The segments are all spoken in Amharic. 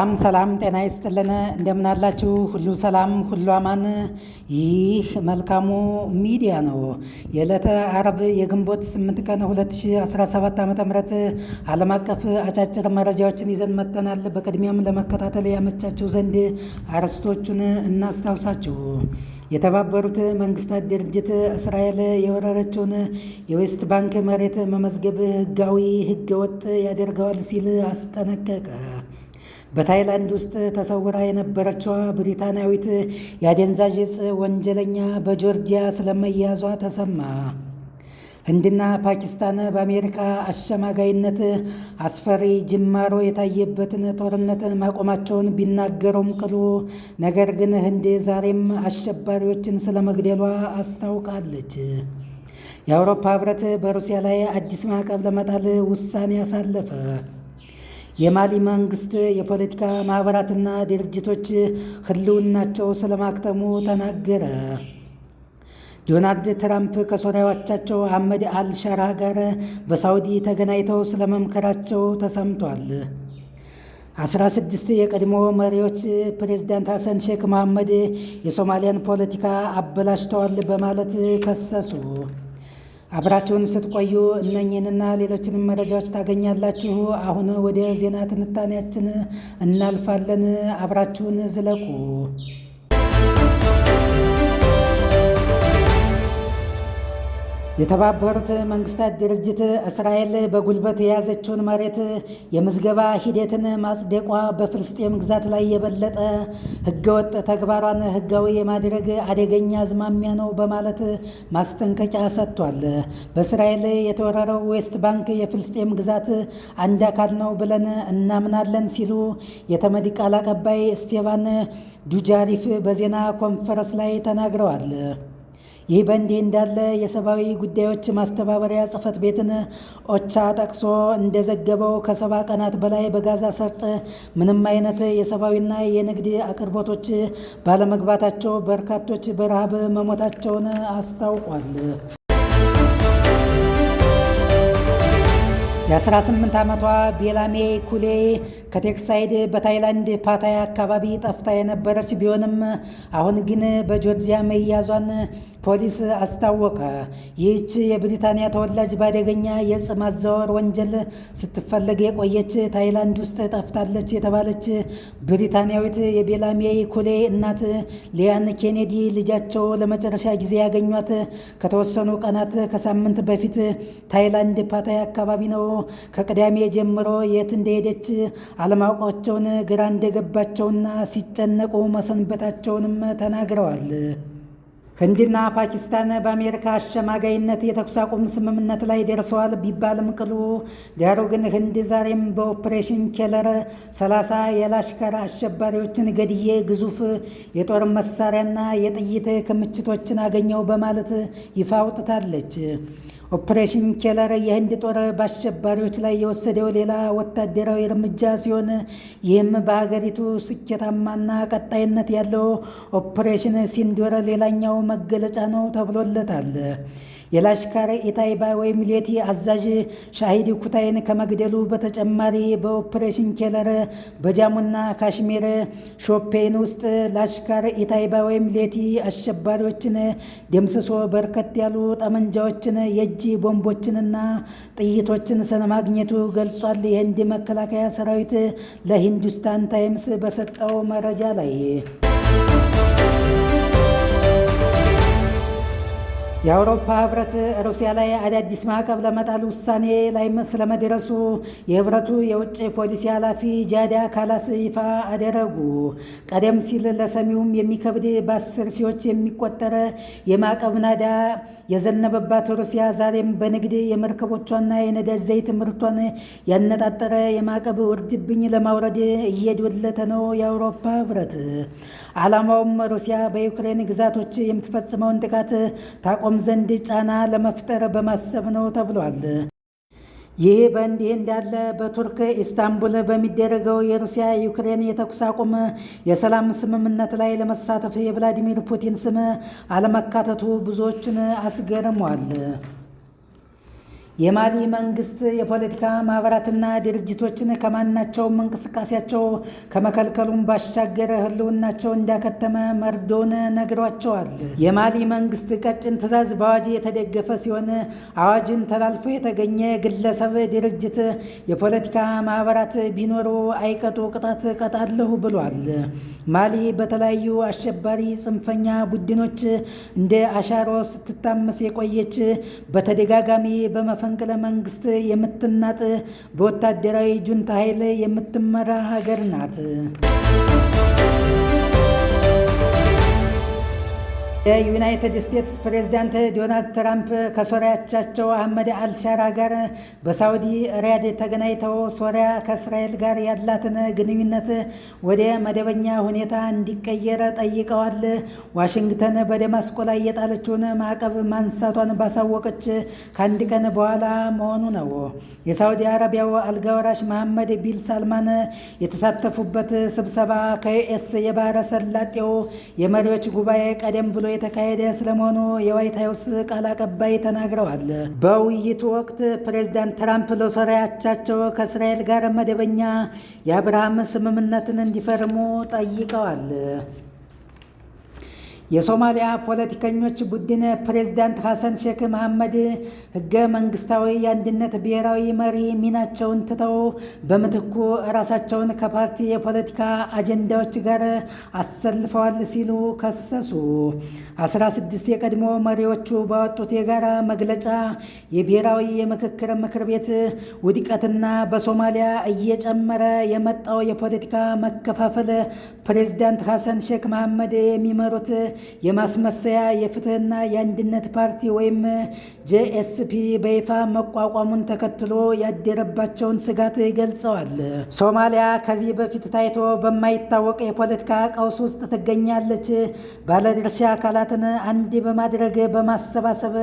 ሰላም ሰላም፣ ጤና ይስጥልን። እንደምን አላችሁ? ሁሉ ሰላም፣ ሁሉ አማን። ይህ መልካሙ ሚዲያ ነው። የዕለተ አርብ የግንቦት 8 ቀን 2017 ዓ ም ዓለም አቀፍ አጫጭር መረጃዎችን ይዘን መጥተናል። በቅድሚያም ለመከታተል ያመቻችሁ ዘንድ አርዕስቶቹን እናስታውሳችሁ። የተባበሩት መንግስታት ድርጅት እስራኤል የወረረችውን የዌስት ባንክ መሬት መመዝገብ ህጋዊ ህገወጥ ያደርገዋል ሲል አስጠነቀቀ። በታይላንድ ውስጥ ተሰውራ የነበረችዋ ብሪታናዊት የአደንዛዥ ወንጀለኛ በጆርጂያ ስለመያዟ ተሰማ። ህንድና ፓኪስታን በአሜሪካ አሸማጋይነት አስፈሪ ጅማሮ የታየበትን ጦርነት ማቆማቸውን ቢናገሩም ቅሉ፣ ነገር ግን ህንድ ዛሬም አሸባሪዎችን ስለመግደሏ አስታውቃለች። የአውሮፓ ህብረት በሩሲያ ላይ አዲስ ማዕቀብ ለመጣል ውሳኔ አሳለፈ። የማሊ መንግስት የፖለቲካ ማህበራትና ድርጅቶች ህልውናቸው ስለማክተሙ ተናገረ። ዶናልድ ትራምፕ ከሶሪያው አህመድ አልሻራ ጋር በሳውዲ ተገናኝተው ስለመምከራቸው ተሰምቷል። አስራ የቀድሞ መሪዎች ፕሬዚዳንት ሐሰን ሼክ መሐመድ የሶማሊያን ፖለቲካ አበላሽተዋል በማለት ከሰሱ። አብራችሁን ስትቆዩ እነኝንና ሌሎችንም መረጃዎች ታገኛላችሁ። አሁን ወደ ዜና ትንታኔያችን እናልፋለን። አብራችሁን ዝለቁ። የተባበሩት መንግስታት ድርጅት እስራኤል በጉልበት የያዘችውን መሬት የምዝገባ ሂደትን ማጽደቋ በፍልስጤም ግዛት ላይ የበለጠ ህገወጥ ተግባሯን ህጋዊ የማድረግ አደገኛ አዝማሚያ ነው በማለት ማስጠንቀቂያ ሰጥቷል። በእስራኤል የተወረረው ዌስት ባንክ የፍልስጤም ግዛት አንድ አካል ነው ብለን እናምናለን ሲሉ የተመድ ቃል አቀባይ ስቴቫን ዱጃሪፍ በዜና ኮንፈረንስ ላይ ተናግረዋል። ይህ በእንዲህ እንዳለ የሰብአዊ ጉዳዮች ማስተባበሪያ ጽፈት ቤትን ኦቻ ጠቅሶ እንደዘገበው ከሰባ ቀናት በላይ በጋዛ ሰርጥ ምንም አይነት የሰብአዊና የንግድ አቅርቦቶች ባለመግባታቸው በርካቶች በረሃብ መሞታቸውን አስታውቋል። የ18 ዓመቷ ቤላሜ ኩሌ ከቴክሳይድ በታይላንድ ፓታያ አካባቢ ጠፍታ የነበረች ቢሆንም አሁን ግን በጆርጂያ መያዟን ፖሊስ አስታወቀ። ይህች የብሪታንያ ተወላጅ በአደገኛ የእጽ ማዛወር ወንጀል ስትፈለግ የቆየች ታይላንድ ውስጥ ጠፍታለች የተባለች ብሪታንያዊት የቤላሜ ኩሌ እናት ሊያን ኬኔዲ ልጃቸው ለመጨረሻ ጊዜ ያገኟት ከተወሰኑ ቀናት ከሳምንት በፊት ታይላንድ ፓታያ አካባቢ ነው። ከቅዳሜ ጀምሮ የት እንደሄደች አለማወቃቸውን ግራ እንደገባቸውና ሲጨነቁ መሰንበታቸውንም ተናግረዋል። ህንድና ፓኪስታን በአሜሪካ አሸማጋይነት የተኩስ አቁም ስምምነት ላይ ደርሰዋል ቢባልም ቅሉ ዳሩ ግን ህንድ ዛሬም በኦፕሬሽን ኬለር 30 የላሽከር አሸባሪዎችን ገድዬ ግዙፍ የጦር መሳሪያና የጥይት ክምችቶችን አገኘው በማለት ይፋ አውጥታለች። ኦፕሬሽን ኬለር የህንድ ጦር በአሸባሪዎች ላይ የወሰደው ሌላ ወታደራዊ እርምጃ ሲሆን ይህም በሀገሪቱ ስኬታማና ቀጣይነት ያለው ኦፕሬሽን ሲንዶር ሌላኛው መገለጫ ነው ተብሎለታል። የላሽካር ኢታይባ ወይም ሌቲ አዛዥ ሻሂድ ኩታይን ከመግደሉ በተጨማሪ በኦፕሬሽን ኬለር በጃሙና ካሽሚር ሾፔን ውስጥ ላሽካር ኢታይባ ወይም ሌቲ አሸባሪዎችን ደምስሶ በርከት ያሉ ጠመንጃዎችን፣ የእጅ ቦምቦችንና ጥይቶችን ስለማግኘቱ ገልጿል። የህንድ መከላከያ ሰራዊት ለሂንዱስታን ታይምስ በሰጠው መረጃ ላይ የአውሮፓ ህብረት ሩሲያ ላይ አዳዲስ ማዕቀብ ለመጣል ውሳኔ ላይ ስለመድረሱ የህብረቱ የውጭ ፖሊሲ ኃላፊ ጃዳ ካላስ ይፋ አደረጉ። ቀደም ሲል ለሰሚውም የሚከብድ በአስር ሺዎች የሚቆጠር የማዕቀብ ናዳ የዘነበባት ሩሲያ ዛሬም በንግድ የመርከቦቿና የነዳጅ ዘይት ምርቷን ያነጣጠረ የማዕቀብ ውርጅብኝ ለማውረድ እየዶለተ ነው የአውሮፓ ህብረት። ዓላማውም ሩሲያ በዩክሬን ግዛቶች የምትፈጽመውን ጥቃት ታቆ ያቆም ዘንድ ጫና ለመፍጠር በማሰብ ነው ተብሏል። ይህ በእንዲህ እንዳለ በቱርክ ኢስታንቡል በሚደረገው የሩሲያ ዩክሬን የተኩስ አቁም የሰላም ስምምነት ላይ ለመሳተፍ የቭላዲሚር ፑቲን ስም አለመካተቱ ብዙዎችን አስገርሟል። የማሊ መንግስት የፖለቲካ ማህበራትና ድርጅቶችን ከማናቸውም እንቅስቃሴያቸው ከመከልከሉም ባሻገር ህልውናቸው እንዳከተመ መርዶን ነግሯቸዋል። የማሊ መንግስት ቀጭን ትዕዛዝ በአዋጅ የተደገፈ ሲሆን አዋጅን ተላልፎ የተገኘ ግለሰብ፣ ድርጅት፣ የፖለቲካ ማህበራት ቢኖሩ አይቀጡ ቅጣት ቀጣለሁ ብሏል። ማሊ በተለያዩ አሸባሪ ጽንፈኛ ቡድኖች እንደ አሻሮ ስትታመስ የቆየች በተደጋጋሚ በመፈ መፈንቅለ መንግስት የምትናጥ በወታደራዊ ጁንታ ኃይል የምትመራ ሀገር ናት። የዩናይትድ ስቴትስ ፕሬዚዳንት ዶናልድ ትራምፕ ከሶሪያቻቸው አህመድ አልሻራ ጋር በሳውዲ ሪያድ ተገናኝተው ሶሪያ ከእስራኤል ጋር ያላትን ግንኙነት ወደ መደበኛ ሁኔታ እንዲቀየር ጠይቀዋል። ዋሽንግተን በደማስቆ ላይ የጣለችውን ማዕቀብ ማንሳቷን ባሳወቀች ከአንድ ቀን በኋላ መሆኑ ነው። የሳውዲ አረቢያው አልጋወራሽ መሐመድ ቢል ሳልማን የተሳተፉበት ስብሰባ ከዩኤስ የባህረ ሰላጤው የመሪዎች ጉባኤ ቀደም ብሎ የተካሄደ ስለመሆኑ የዋይት ሀውስ ቃል አቀባይ ተናግረዋል። በውይይቱ ወቅት ፕሬዚዳንት ትራምፕ ለሶሪያ ከእስራኤል ጋር መደበኛ የአብርሃም ስምምነትን እንዲፈርሙ ጠይቀዋል። የሶማሊያ ፖለቲከኞች ቡድን ፕሬዝዳንት ሐሰን ሼክ መሐመድ ህገ መንግስታዊ የአንድነት ብሔራዊ መሪ ሚናቸውን ትተው በምትኩ ራሳቸውን ከፓርቲ የፖለቲካ አጀንዳዎች ጋር አሰልፈዋል ሲሉ ከሰሱ። 16 የቀድሞ መሪዎቹ ባወጡት የጋራ መግለጫ የብሔራዊ የምክክር ምክር ቤት ውድቀትና በሶማሊያ እየጨመረ የመጣው የፖለቲካ መከፋፈል ፕሬዝዳንት ሐሰን ሼክ መሐመድ የሚመሩት የማስመሰያ የፍትህና የአንድነት ፓርቲ ወይም ጄኤስፒ በይፋ መቋቋሙን ተከትሎ ያደረባቸውን ስጋት ገልጸዋል። ሶማሊያ ከዚህ በፊት ታይቶ በማይታወቅ የፖለቲካ ቀውስ ውስጥ ትገኛለች። ባለድርሻ አካላትን አንድ በማድረግ በማሰባሰብ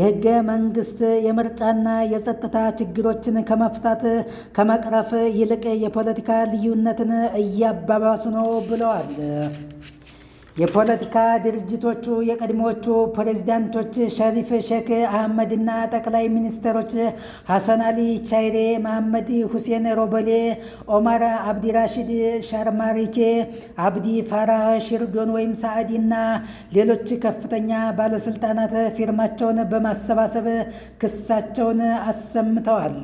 የህገ መንግስት የምርጫና የጸጥታ ችግሮችን ከመፍታት ከመቅረፍ ይልቅ የፖለቲካ ልዩነትን እያባባሱ ነው ብለዋል። የፖለቲካ ድርጅቶቹ የቀድሞቹ ፕሬዚዳንቶች ሸሪፍ ሼክ አህመድና ጠቅላይ ሚኒስትሮች ሐሰን አሊ ቻይሬ፣ መሐመድ ሁሴን ሮበሌ፣ ኦማር አብዲራሽድ ሻርማሪኬ፣ አብዲ ፋራህ ሺርዶን ወይም ሳዕዲ እና ሌሎች ከፍተኛ ባለስልጣናት ፊርማቸውን በማሰባሰብ ክሳቸውን አሰምተዋል።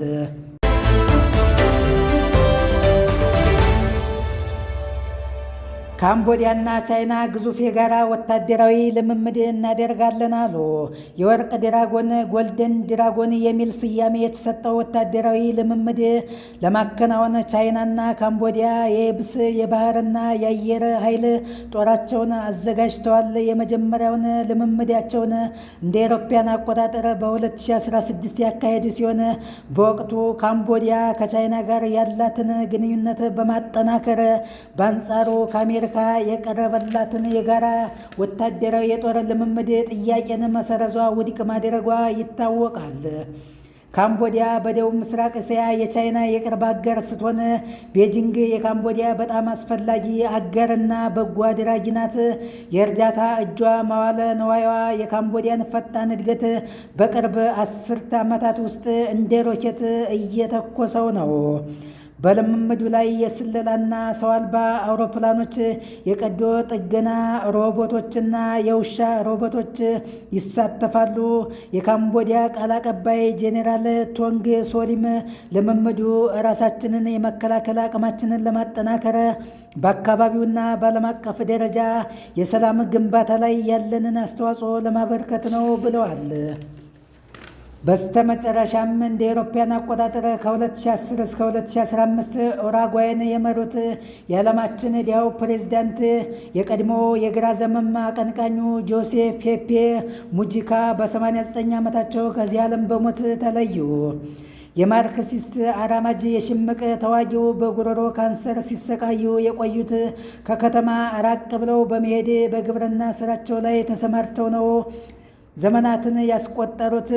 ካምቦዲያና ቻይና ግዙፍ የጋራ ወታደራዊ ልምምድ እናደርጋለን አሉ። የወርቅ ድራጎን ጎልደን ድራጎን የሚል ስያሜ የተሰጠው ወታደራዊ ልምምድ ለማከናወን ቻይናና ካምቦዲያ የየብስ የባህርና የአየር ኃይል ጦራቸውን አዘጋጅተዋል። የመጀመሪያውን ልምምዳቸውን እንደ አውሮፓውያን አቆጣጠር በ2016 ያካሄዱ ሲሆን በወቅቱ ካምቦዲያ ከቻይና ጋር ያላትን ግንኙነት በማጠናከር በአንጻሩ ከአሜሪካ አሜሪካ የቀረበላትን የጋራ ወታደራዊ የጦር ልምምድ ጥያቄን መሰረዟ ውድቅ ማድረጓ ይታወቃል። ካምቦዲያ በደቡብ ምስራቅ እስያ የቻይና የቅርብ አገር ስትሆን ቤጂንግ የካምቦዲያ በጣም አስፈላጊ አገርና በጎ አድራጊ ናት። የእርዳታ እጇ ማዋለ ነዋይዋ የካምቦዲያን ፈጣን እድገት በቅርብ አስርት ዓመታት ውስጥ እንደ ሮኬት እየተኮሰው ነው። በልምምዱ ላይ የስለላና ሰው አልባ አውሮፕላኖች፣ የቀዶ ጥገና ሮቦቶችና የውሻ ሮቦቶች ይሳተፋሉ። የካምቦዲያ ቃል አቀባይ ጄኔራል ቶንግ ሶሪም ልምምዱ ራሳችንን የመከላከል አቅማችንን ለማጠናከር በአካባቢውና በዓለም አቀፍ ደረጃ የሰላም ግንባታ ላይ ያለንን አስተዋጽኦ ለማበርከት ነው ብለዋል። በስተመጨረሻም እንደ ኤሮፓያን አቆጣጠር ከ2010 እስከ 2015 ኡራጓይን የመሩት የዓለማችን ዲያው ፕሬዚዳንት የቀድሞ የግራ ዘመም አቀንቃኙ ጆሴ ፔፔ ሙጂካ በ89 ዓመታቸው ከዚህ ዓለም በሞት ተለዩ። የማርክሲስት አራማጅ የሽምቅ ተዋጊው በጉሮሮ ካንሰር ሲሰቃዩ የቆዩት ከከተማ ራቅ ብለው በመሄድ በግብርና ስራቸው ላይ ተሰማርተው ነው። ዘመናትን ያስቆጠሩት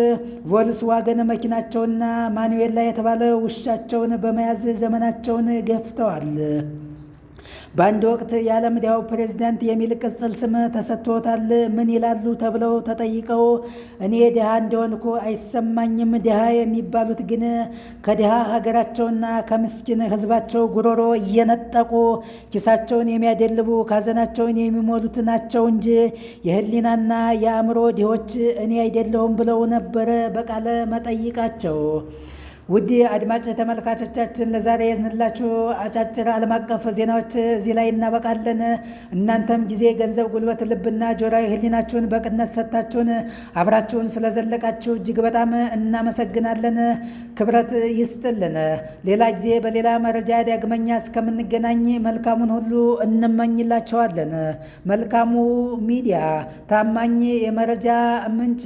ቮልስዋገን መኪናቸውና ማኑዌላ የተባለ ውሻቸውን በመያዝ ዘመናቸውን ገፍተዋል። በአንድ ወቅት የዓለም ድሃው ፕሬዚዳንት የሚል ቅጽል ስም ተሰጥቶታል። ምን ይላሉ ተብለው ተጠይቀው እኔ ድሃ እንደሆንኩ አይሰማኝም፣ ድሃ የሚባሉት ግን ከድሃ ሀገራቸውና ከምስኪን ሕዝባቸው ጉሮሮ እየነጠቁ ኪሳቸውን የሚያደልቡ ካዘናቸውን የሚሞሉት ናቸው እንጂ የህሊናና የአእምሮ ድሆች እኔ አይደለሁም ብለው ነበረ በቃለ መጠይቃቸው። ውድ አድማጭ ተመልካቾቻችን ለዛሬ የዝንላችሁ አጫጭር ዓለም አቀፍ ዜናዎች እዚህ ላይ እናበቃለን። እናንተም ጊዜ፣ ገንዘብ፣ ጉልበት፣ ልብና ጆሮዊ ሕሊናችሁን በቅነት ሰጥታችሁን አብራችሁን ስለዘለቃችሁ እጅግ በጣም እናመሰግናለን። ክብረት ይስጥልን። ሌላ ጊዜ በሌላ መረጃ ዳግመኛ እስከምንገናኝ መልካሙን ሁሉ እንመኝላቸዋለን መልካሙ ሚዲያ ታማኝ የመረጃ ምንጭ